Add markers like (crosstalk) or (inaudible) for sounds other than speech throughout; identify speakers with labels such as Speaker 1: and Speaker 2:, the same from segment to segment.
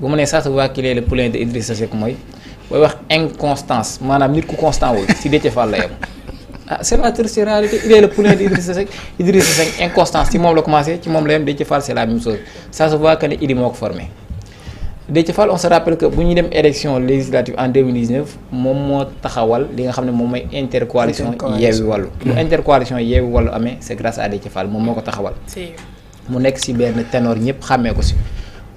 Speaker 1: bu ma nee ça se voit qu'il est le poulain de Idrissa Seck mooy booy wax inconstance maanaam nit ku constant wul si Déthié Fall la yem ah sénateur c'est réalité il est le poulain de Idrissa moom la commencé ci moom la yem Déthié Fall c'est la même chose ça se voit que ne Idi moo ko formé Déthié Fall on se rappelle que bu ñuy dem élection législative en moom moo taxawal li nga xam ne moom mooy intercoalition yeewi wàllu bu intercoalition yeewi wàllu amee c'est grâce moom moo ko taxawal mu nekk si benn ténor ñëpp xàmmee ko si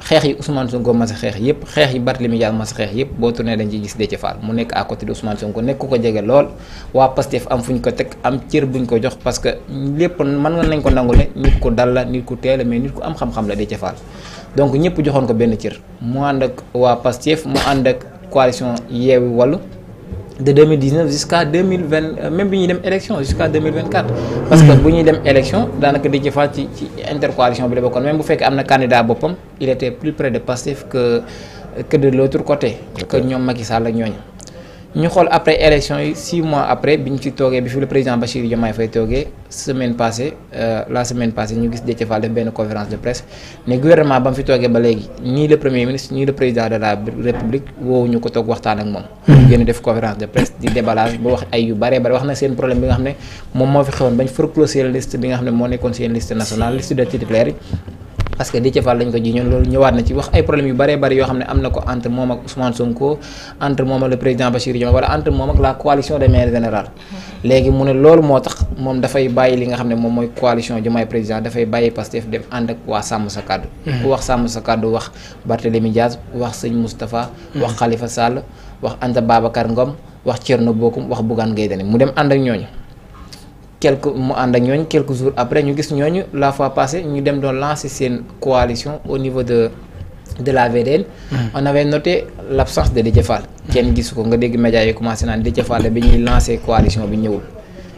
Speaker 1: xeex yi Ousmane Sonko mas a xeex yëpp xeex yi Barthélémy Dias mas a xeex yëpp boo tourné dañ ciy gis Déthié Fall mu nekk à côté de Ousmane Sonko nekk ko jege lool waa Pastef am fu ñu ko teg am cër buñ ko jox parce que lépp mën nga nañ ko nangu ne nit ku dal nit ku teel la mais nit ku am xam-xam la Déthié faal donc ñëpp joxoon ko benn cër mu ànd ak waa Pastef mu ànd ak coalition Yewwi Wallu de 2019 jusqu'à 2020 euh, même bi ñuy dem élection jusqu'à 2024 parce que bu ñuy dem élection daanaka di jëfaat ci ci intercoalition bi la bokkoon même bu fekkee am na candidat boppam il était plus près de Pastef que que de l'autre côté que ñoom Macky Sall ak ñooñu ñu xool après élection yi six mois après bi ñu ci toogee bi fi le président Bassirou Diomaye Faye toogee semaine passée euh, la semaine passée ñu gis def benn de presse ne gouvernement ba mu fi toogee ba léegi nii le premier ministre nii le président de la république woowu ko toog waxtaan ak moom. Hmm. génn def conférence de presse di déballage ba wax ay yu bare bare wax na seen problème bi nga xam ne moom moo fi xewoon bañ forclose liste bi seen liste nationale liste parce que Déthié Fall lañ ko ji ñoon loolu ñëwaat na ci wax ay problèmes yu bëree bëri yoo xam ne am na ko entre moom ak Ousmane Sonko entre moom ak la coalition des maires mmh. léegi mu ne loolu moo tax moom dafay bàyyi li nga xam ne moom mooy coalition Diomaye président dafay bàyyi Pastef dem ànd ak waa sàmm sa kàddu mmh. ku wax sàmm sa kàddu wax Barthélémy Diaz wax sëñ Moustapha mmh. wax Khalifa Sall wax Anta Babacar Ngom wax Thierno Bocoum wax Bougane Gueye Dany mu dem ànd ak ñooñu quelque mu ànd ak ñooñu quelques jours après ñu gis ñooñu la fois passée ñu dem doon lancer seen coalition au niveau de de la VDN. Hmm. on avait noté l' absence de Déthié faal kenn hmm. gisu ko nga dégg média yi commencé naan Déthié Fall bi ñuy lancer coalition bi ñëwul.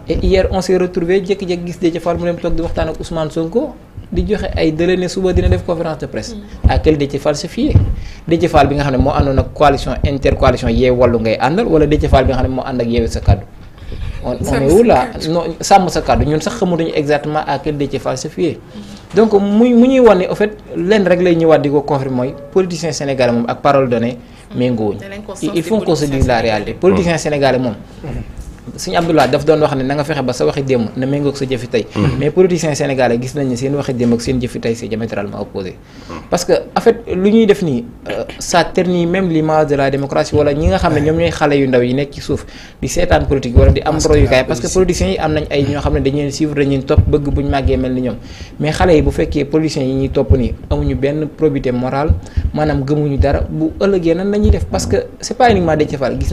Speaker 1: et hier on s' est retrouvé jékki-jékki gis Déthié Fall mu dem toog di waxtaan ak Ousmane Sonko di joxe ay délai ne suba dina def conférence de presse. Hmm. à quel Déthié Fall se fier Déthié Fall bi nga xam ne moo àndoon ak coalition intercoalition yee wàllu ngay àndal bi nga xam ne moo ànd ak yeewee on on est où là sàmm sa kàddu ñun sax xamutuñu exactement à quel Déthié donc muy mu ñuy wan ne en fait lenn lay ñëwaat di ko confirmer mooy politicien sénégalais moom ak parole donnée méngoowuñ il faut qu'on se dise la politicien sénégalais moom hmm. suñu Abdoulaye daf doon wax ne na nga fexe ba sa waxi démb na méngoog sa jëfi tey mhm. mais politiciens sénégalais gis nañ seen waxi démb ak seen jëfi tey c'est diamétralement opposé mhm. parce que en lu ñuy def nii euh, ça ternit même l'image de la démocratie wala ñi nga xam ne ñoom ñooy xale yu ndaw yi nekk ci suuf di seetaan politique wala di am royukaay parce que politiciens yi am nañ ay ñoo mhm. xam ne dañu leen suivre dañu leen topp bëgg buñ màggee mel ni ñoom mais xale yi maanaam gëmuñu dara bu ëllëgee nan la ñuy def parce que c'est pas uniquement Déthié Fall gis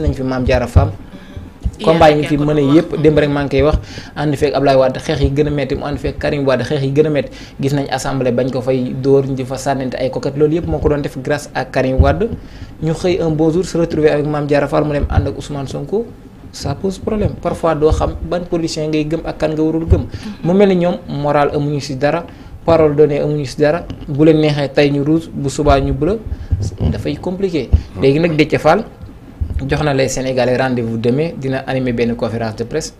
Speaker 1: combat yi nga fi mën yëpp démb rek maa koy wax ànd feek Ablaye Wade xeex yi gën a metti mu ànd feek Karim Wade xeex yi gën a metti gis nañ assemblée bañ ko fay dóor ñu fa sànnante ay coquette loolu yëpp moo ko doon def grâce à Karim Wade ñu xëy un beau jour se retrouver avec Mame Diarra Fall mu dem ànd ak Ousmane Sonko ça pose problème parfois doo xam ban politicien ngay gëm ak kan nga warul gëm mm-hmm. mu mel ni ñoom moral amuñu si dara parole donnée amuñu si dara bu leen neexee tey ñu rouge bu subaa ñu bleu mm-hmm. dafay compliqué mm-hmm. léegi nag Déthié Fall jox na les Sénégalais rendez-vous demain dina animer benn conférence de presse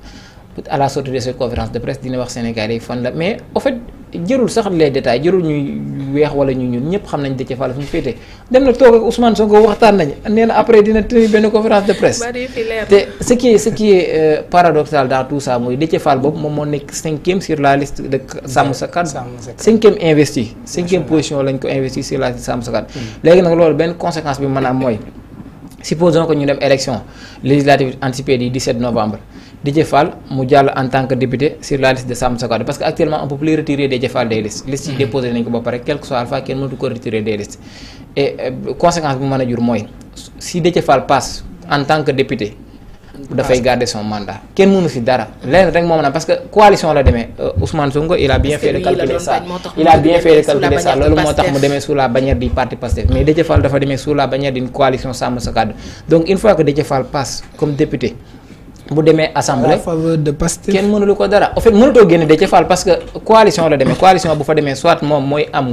Speaker 1: à la sortie de cette conférence de presse dina wax Sénégalais yi fan la mais au fait jërul sax les détails jërul ñuy weex wala ñu ñun ñëpp xam nañ Déthié Fall fu ñu féetee dem na toog ak Ousmane Sonko waxtaan nañ nee na après dina tenir benn conférence de presse te ce qui est ce qui est euh, paradoxal dans tout ça mooy Déthié Fall boobu moom moo nekk cinquième sur la liste de Sàmm Sa Kàddu cinquième ko investi la mm. léegi nag loolu benn conséquence bi a mooy supposons que ñu dem élection législative anticipée du 17 novembre Déthié Fall mu jàll en tant que député sur la liste de Samm Sa Kàddu parce que actuellement on peut plus retirer Déthié Fall des listes listes mmh. déposé nañu ko ba pare quel que soit alpha kenn mënatu ko retirer des listes euh, conséquence bu mën a jur mooy si Déthié Fall passe en tant que député dafay garder son mandat kenn mënu si dara lenn rek moo mën a coalition la demee euh, Ousmane Sonko il a bien fait de calculer ça il a bien fait de calculer loolu moo tax mu demee sous la bannière parti Pastef mais Déthié dafa demee sous la bannière d'une coalition Sàmm Sa Kàddu donc une fois que Déthié Fall comme député bu demee assemblée kenn mënulu ko dara en fait génne Déthié Fall coalition la demee coalition bu fa demee soit moom mooy am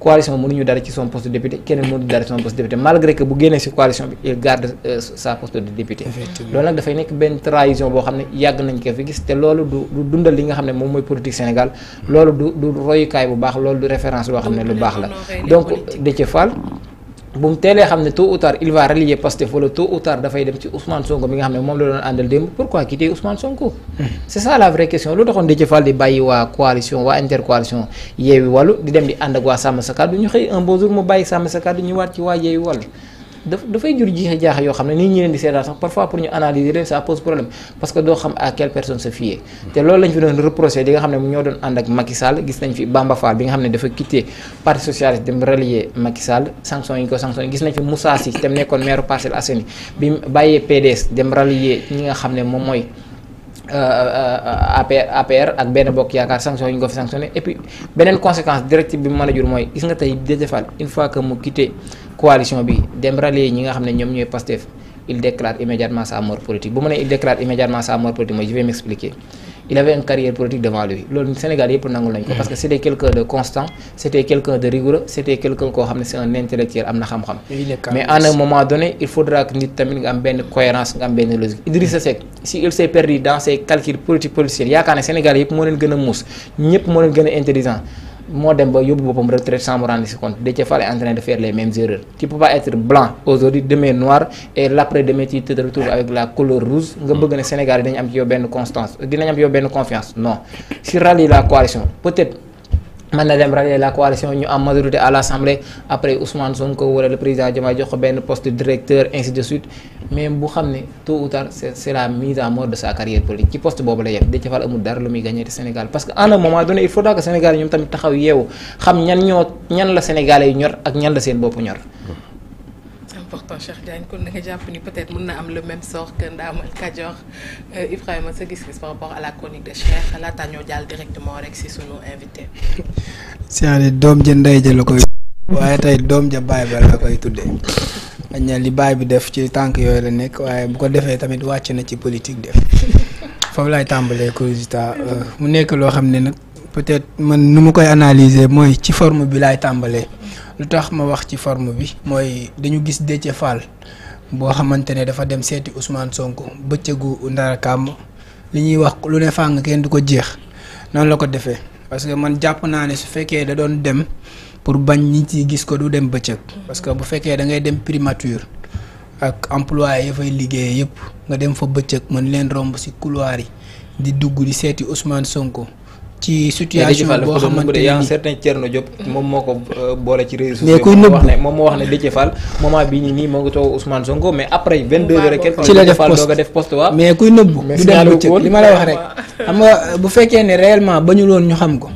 Speaker 1: coalition mënuñu dara ci son poste de député keneen mënuñu dara ci son poste de député malgré que bu génnee si coalition bi il garde euh, sa poste de député loolu nag dafay nekk benn trahison boo xam ne yàgg nañ ko fi gis te loolu du du dundal li nga xam ne moom mooy politique Sénégal mm. loolu du du royukaay bu baax loolu du référence boo xam ne lu baax la donc Déthié Fall bu mu teelee xam ne tôt ou tard il va rallier Pastef wala tôt ou tard dafay dem ci Ousmane Sonko mi nga xam ne moom la doon àndal démb pourquoi quitter Ousmane Sonko. Hmm. c' ça la vraie question lu taxoon Déthié di bàyyi waa coalition waa intercoalition Yewwi Wallu di dem di ànd ak waa Sàmm Sa Kàddu ñu xëy un beau jour mu bàyyi Sàmm Sa Kàddu ñëwaat ci waa Yewwi Wallu daf dafay jur jiixe jaaxe yoo xam ne nit ñi leen di seetaan sax parfois pour ñu analyser leen ça pose problème parce que doo xam à quelle personne se fier hmm. te loolu lañ fi doon reproché li xam ne ñoo doon ànd ak Macky Sall gis nañ fi Bamba Fall bi nga xam ne dafa quitté parti socialiste dem relier Macky Sall sanction yi ko sanction gis nañ fi Moussa Sy nekkoon maire Parcelles Assainies bi bàyyee PDS dem relier ñi nga xam ne moom mooy Euh, euh, euh, APR APR ak benn bokk yaakaar sanction yi ñu ko fi sanctionné et puis beneen conséquence directive bi mu mën a jur mooy gis nga tey Déthié Fall une fois que mu quitté coalition bi dem rallier ñi nga xam ne ñoom ñooy Pastef il déclare immédiatement sa mort politique bu ma nee il déclare immédiatement sa mort politique mooy je vais m'expliquer il avait une carrière politique devant lui loolu Sénégal yëpp nangul nañ ko parce que c' quelqu'un de constant c' quelqu'un de rigoureux c' quelqu'un koo xam ne c' un intellectuel am na xam-xam mais à un moment donné il faudra que nit tamit nga am benn cohérence nga am benn logique Idrissa Seck si il s' perdu dans ses calculs politiques politiciens yaakaar ne Sénégal yëpp moo leen gën a muus ñëpp moo leen gën a intelligent moo dem ba yóbbu boppam retraite sans me rendre si compte Déthié Fall de faire les mêmes erreurs tu peux être blanc aujourd'hui demain noir et l'après-demain tu te retrouves avec la couleur rouge nga bëgg ne Sénégal yi am yow benn constance dinañ am ci yow benn confiance non si rallie la coalition peut-être mën na dem rallier la coalition ñu am majorité à l'Assemblée après Ousmane Sonko wala le président jox ko benn poste de directeur ainsi de suite mais bu xam ne tôt ou tard c'est c'est la mise à mort de sa carrière ci poste boobu la yem da cafal amul dara lu muy gagné Sénégal parce que en un moment donné il faudra que Sénégal ñoom tamit taxaw yeewu xam ñan ñoo ñan la Sénégalais ñor ak ñan la seen bopp ñor pourtant Cheikh Diagne kon da nga jàpp ni peut-être na am le même sort que Ndaamal Kajoor euh, Ibrahima sa gis-gis par rapport de Cheikh laata ñoo jàll directement rek si sunu invité.
Speaker 2: c'est-à-dire (laughs) doom ja ndey ja la koy. waaye tey doom ja baay ba la koy tuddee. xëy na li baay bi def ci tànk yooyu la nekk waaye bu ko defee tamit wàcc na ci politique def (laughs) foofu laay tàmbalee curiosité euh, mu nekk loo xam ne nag. peut-être man nu mu koy analyser mooy ci forme bi laay tàmbalee lu tax ma wax ci forme bi mooy dañu gis Déthié Fall boo xamante ne dafa dem seeti Ousmane Sonko bëccëgu ndara kàmm li ñuy wax lu ne fàng kenn du ko jeex noonu la ko defee parce que man jàpp naa ne su fekkee da doon dem pour bañ nit yi gis ko du dem bëccëg parce que bu fekkee da ngay dem primature ak employé ya fay yëpp nga dem fa bëccëg mën leen romb ci couloir yi di dugg di seeti Ousmane Sonko ci situation boo xamante ni y' a un
Speaker 1: certain Thierno Diop ko euh, boole ci réseaux mais kuy nëbbu moo wax ne Déthié Fall moment bii nii nii moo ngi ci la def poste
Speaker 2: mais kuy nëbbu. du dem bëccëg li ma la wax rek. xam bu fekkee ne réellement bañul woon ñu xam ko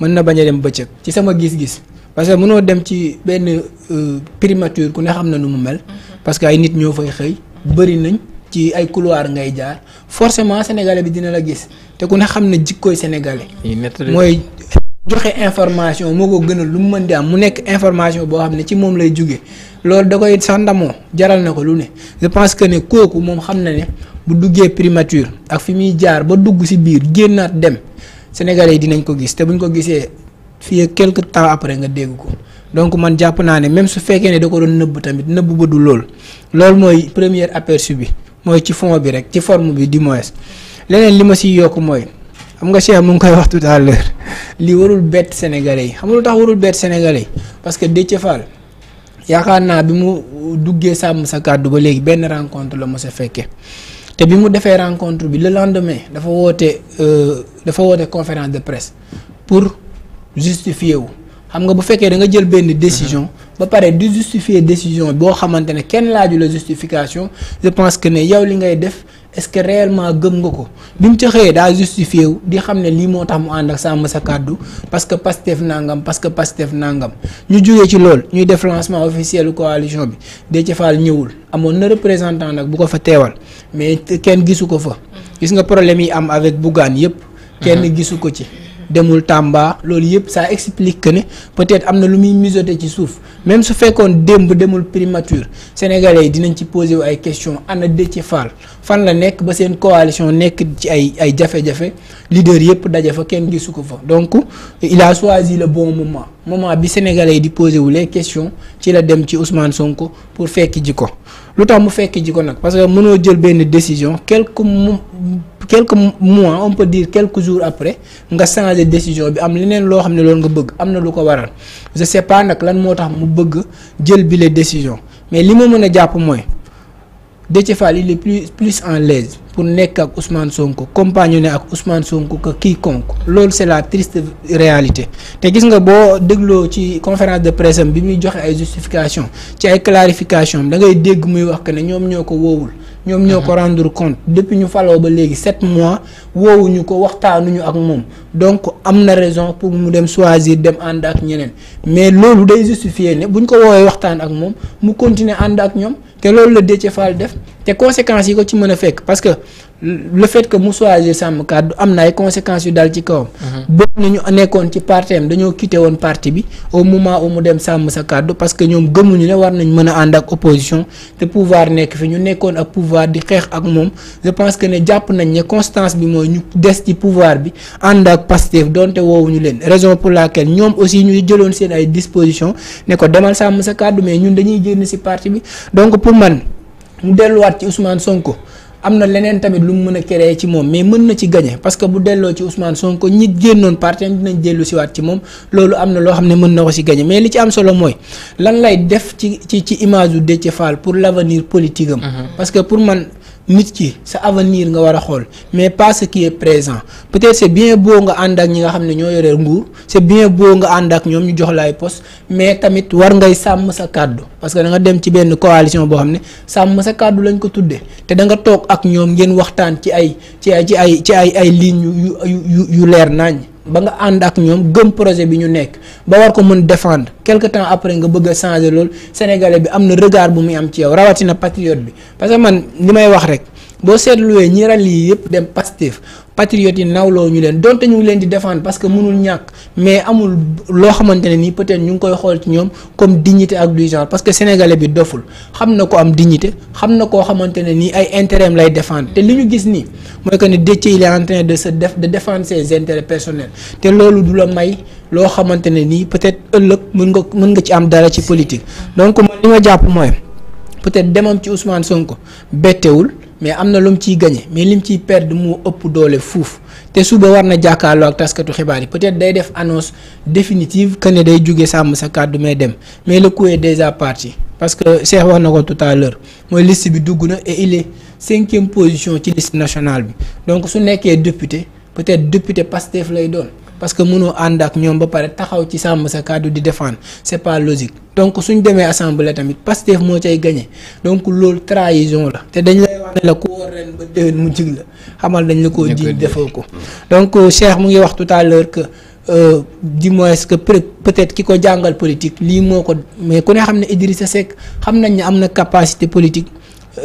Speaker 2: mën na bañ a dem bëccëg ci sama gis-gis parce que mënoo dem ci benn euh, primature ku ne xam na nu mu mel. parce que ay nit ñoo fay xëy bëri nañ. ci ay couloir ngay jaar forcément sénégalais bi dina la gis te ku ne xam ne jikkooy sénégalais. mooy joxe information moo ko gënal lu mu mën di am mu nekk information boo xam ne ci moom lay jóge loolu da koy sax ndamoo jaral na ko lu ne je pense que ne kooku moom xam na ne bu duggee primature ak fi muy jaar ba dugg ci biir génnaat dem sénégalais yi dinañ ko gis te buñ ko gisee fii quelque temps après nga dégg ko. donc man jàpp naa ne même su fekkee ne da ko doon nëbb tamit nëbb ba du lool loolu mooy premier aperçu bi mooy ci fond bi rek ci forme bi di moins leneen li ma si yokk mooy xam nga Cheikh mu ngi koy wax tout à l'heure (laughs) warul bett Sénégalais yi xam nga tax warul bett Sénégalais parce que Déthié Fall yaakaar naa bi mu duggee sàmm sa kàddu ba léegi benn rencontre la mos a fekkee te bi mu defee rencontre bi le lendemain dafa woote euh, dafa woote conférence de presse pour justifier wu xam nga bu fekkee da nga jël benn décision. ba pare di justifier décision boo xamante ne kenn laaju la justification je pense que ne yow li ngay def est-ce que réellement gëm nga ko bi mu ca xëyee daa justifié wu di xam ne lii moo tax mu ànd ak sàmm sa kàddu parce que Pastef nangam parce que Pastef nangam ñu jógee ci lool ñuy def lancement officiel coalition bi Déthié Fall ñëwul amoon na représentant nag bu ko fa teewal mais kenn gisu ko fa. gis nga problème yi am avec Bougane yépp kenn mhm. gisu ko ci. demul Tamba loolu yëpp ça explique que ne peut-être am na lu muy mijoter ci suuf même su fekkoon démb demul primature sénégalais yi dinañ ci posé wu ay questions ana Déthié Fall fan la nekk ba seen coalition nekk ci ay ay jafe-jafe leader yëpp daje fa kenn gisu ko fa donc il a choisi le bon moment. moment bi sénégalais yi di posé wu les ci la dem ci Ousmane Sonko pour fekk ji ko lu tax mu fekk ji ko nag parce que mënoo jël benn décision quelques quelques mois on peut dire quelques jour après nga changé décision bi am leneen loo xam ne loolu nga bëgg am na lu ko waral je sais nag lan moo tax mu bëgg jël bi les décisions mais li ma mën a jàpp mooy Déthié Fall il est plus plus en l'aise pour nekk ak Ousmane Sonko compagnonné ak Ousmane Sonko kii quiconque loolu c'est la triste réalité te gis nga boo dégloo ci conférence de presse bi muy joxe ay justification ci ay clarification da ngay dégg muy wax que ne ñoom ñoo ko woowul ñoom ñoo ko mhm. rendre compte depuis ñu faloo ba léegi sept mois woowuñu ko waxtaanuñu ak moom donc am na raison pour mu dem choisir dem ànd ak ñeneen mais loolu day justifier ne ñu ko woowee waxtaan ak moom mu continuer ànd ak ñoom def te conséquences yi ko ci mën a fekk parce que le fait que mu choisir sàmm kàddu am na ay conséquences yu dal ci kawam. Mhm. bokk nañu nekkoon ci parteem dañoo quitté woon parti bi au moment où mu dem sàmm sa kàddu parce que ñoom gëmuñu ne war nañ mën a ànd ak opposition te pouvoir nekk fi ñu nekkoon ak pouvoir di xeex ak moom je pense que ne jàpp nañ ne constance bi mooy ñu des ci pouvoir bi ànd ak Pastef donte woowu ñu leen raison pour la laquelle ñoom aussi ñuy jëloon seen ay dispositions ne ko demal sàmm sa kàddu mais ñun dañuy génn ci parti bi donc pour man. mu delluwaat ci Ousmane Sonko am na leneen tamit lu mu mën a créer ci moom mais mën na ci gagné parce que bu delloo ci Ousmane Sonko ñi génnoon parti am dinañ dellu siwaat ci moom loolu am na loo xam ne mën na ko si gagné mais li ci am solo mooy lan lay def ci ci ci image du Déthié Fall pour l' avenir politique mhm. pour man nit ki sa avenir nga war a xool mais pas ce qui est présent peut-être c'est bien beau nga ànd ak ñi nga xam ne ñoo yore nguur c'est bien beau nga ànd ak ñoom ñu jox laay poste mais tamit war ngay sàmm sa kàddu parce que da nga dem ci benn coalition boo xam ne sàmm sa kàddu lañ ko tuddee te danga toog ak ñoom ngeen waxtaan ci ay ci ay ci ay ci ay ay lignes yu yu yu leer nañ ba nga ànd ak ñoom gëm projet bi ñu nekk ba war ko mën défendre quelque temps après nga bëgg a changer lool sénégalais bi am na regard bu muy am ci yow rawatina patriote bi parce que man li may wax rek. boo seetluwee ñi yi yëpp dem Pastef patriotes yi nawloo ñu leen donte ñu ngi leen di défendre parce que mënul ñàkk mais amul loo xamante ne nii peut-être ñu ngi koy xool ci ñoom comme dignité ak du genre parce que sénégalais bi doful xam na ko am dignité xam na koo xamante ne nii ay intérêt lay défendre te li ñu gis nii mooy ne Déthié il est en train de se def de défendre ses intérêts te loolu du la may loo xamante ne nii peut-être ëllëg mën nga mën nga ci am dara ci politique donc man li ma jàpp mooy peut-être demam ci Ousmane ko bettewul mais am na lu mu ciy gagné mais lim ciy perdre moo ëpp doole fuuf te suba war na jàkkaarloo ak taskatu xibaar yi peut-être day def annonce définitive que day jóge sàmm sa kàddu may dem mais le coup est déjà parti parce que Cheikh wax na ko tout à l'heure mooy liste bi dugg na e il est cinquième position ci liste nationale bi donc su nekkee député peut-être député Pastef lay doon. parce que mënoo ànd ak ñoom ba pare taxaw ci sàmm sa kàddu di défendre c'est pas logique donc suñ demee assemblée tamit Pastef moo cay gagné donc loolu trahison la te dañ lay wax ne la ku war mu jig la xamal dañ la ko jiiñ defoo ko donc euh, Cheikh mu ngi wax tout à l'heure que Euh, du moins que peut-être ki ko jàngal politique lii moo ko mais ku ne xam ne Idrissa Seck xam nañ ne am na capacité politique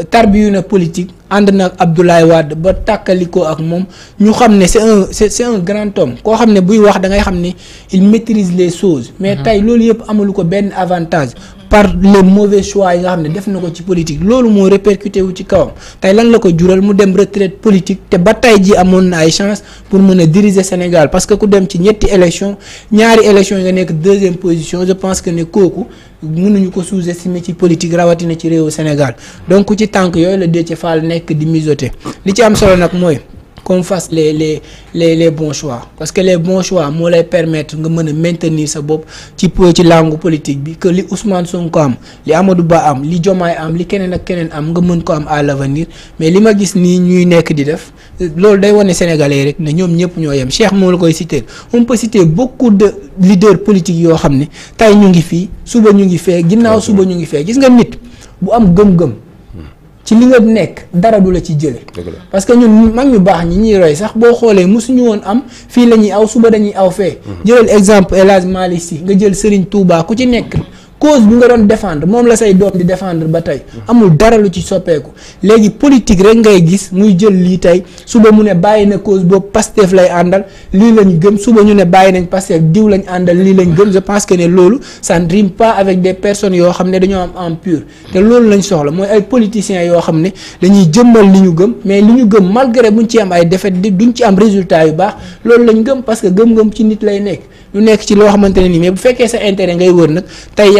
Speaker 2: tarbiyu na politique ànd na ak Abdoulaye Wade ba tàkkalikoo ak moom ñu xam ne c'est un c'est c'est grand homme koo xam ne buy wax dangay xam ne il maîtrise les choses mais mmh. tey loolu yëpp amulu ko benn avantage par les mauvais choix yi nga xam ne def na ko ci politique loolu moo répercuté wu ci kawam tey lan la ko jural mu dem retraite politique te ba tey ji amoon na ay chance pour mën a diriger Sénégal parce que ku dem ci ñetti élection ñaari élection yi nga nekk deuxième position je pense que ne kooku mënuñu ko sous-estimer ci politique rawatina ci réewu Sénégal donc ci tànk yooyu la Déthié Fall nekk di mijoter li ci am solo nag mooy. qu'on fasse les les les les bons choix parce que les bons choix moo lay permettre nga mën a maintenir sa bopp ci ci langue politique bi que li Ousmane Sonko am li Amadou Ba am li Diomaye am li keneen ak keneen am nga mën ko am à l'avenir mais li ma gis nii ñuy nekk di def loolu day wane sénégalais rek ne ñoom ñëpp ñoo yem Cheikh moo la koy citer on peut citer beaucoup de leaders politiques yoo xam ne tey ñu ngi fii suba ñu ngi fee ginnaaw suba ñu ngi fee gis nga nit bu am gëm-gëm. ci li nga nekk dara du la ci jële parce que ñun mag ñu baax ñi ñuy roy sax boo xoolee mosuñu woon am fii la ñuy aw suba dañuy aw fee mm-hmm. jëlal exemple El Hadj Malick nga jël Serigne Touba ku ci nekk cause bi nga doon défendre moom la say doom di défendre ba tey amul dara lu ci soppeeku léegi politique rek ngay gis muy jël lii tey suba mu ne bàyyi na cause boobu Pastef lay àndal lii lañ gëm suba ñu ne bàyyi nañ Pastef diw lañ àndal lii lañ gëm je pense que ne loolu ça ne rime pas personnes yoo xam ne dañoo am en pur loolu lañ soxla mooy ay politiciens yoo xam ne dañuy jëmmal li ñu gëm mais li ñu gëm malgré buñ ci am ay défaite di duñ ci am résultat yu baax loolu lañ gëm parce que gëm-gëm ci nit lay nekk lu nekk ci loo xamante ne nii mais bu fekkee sa intérêt ngay wër nag tey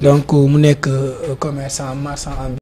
Speaker 2: donc euh, mu nekk euh, commerçant marchand ambulant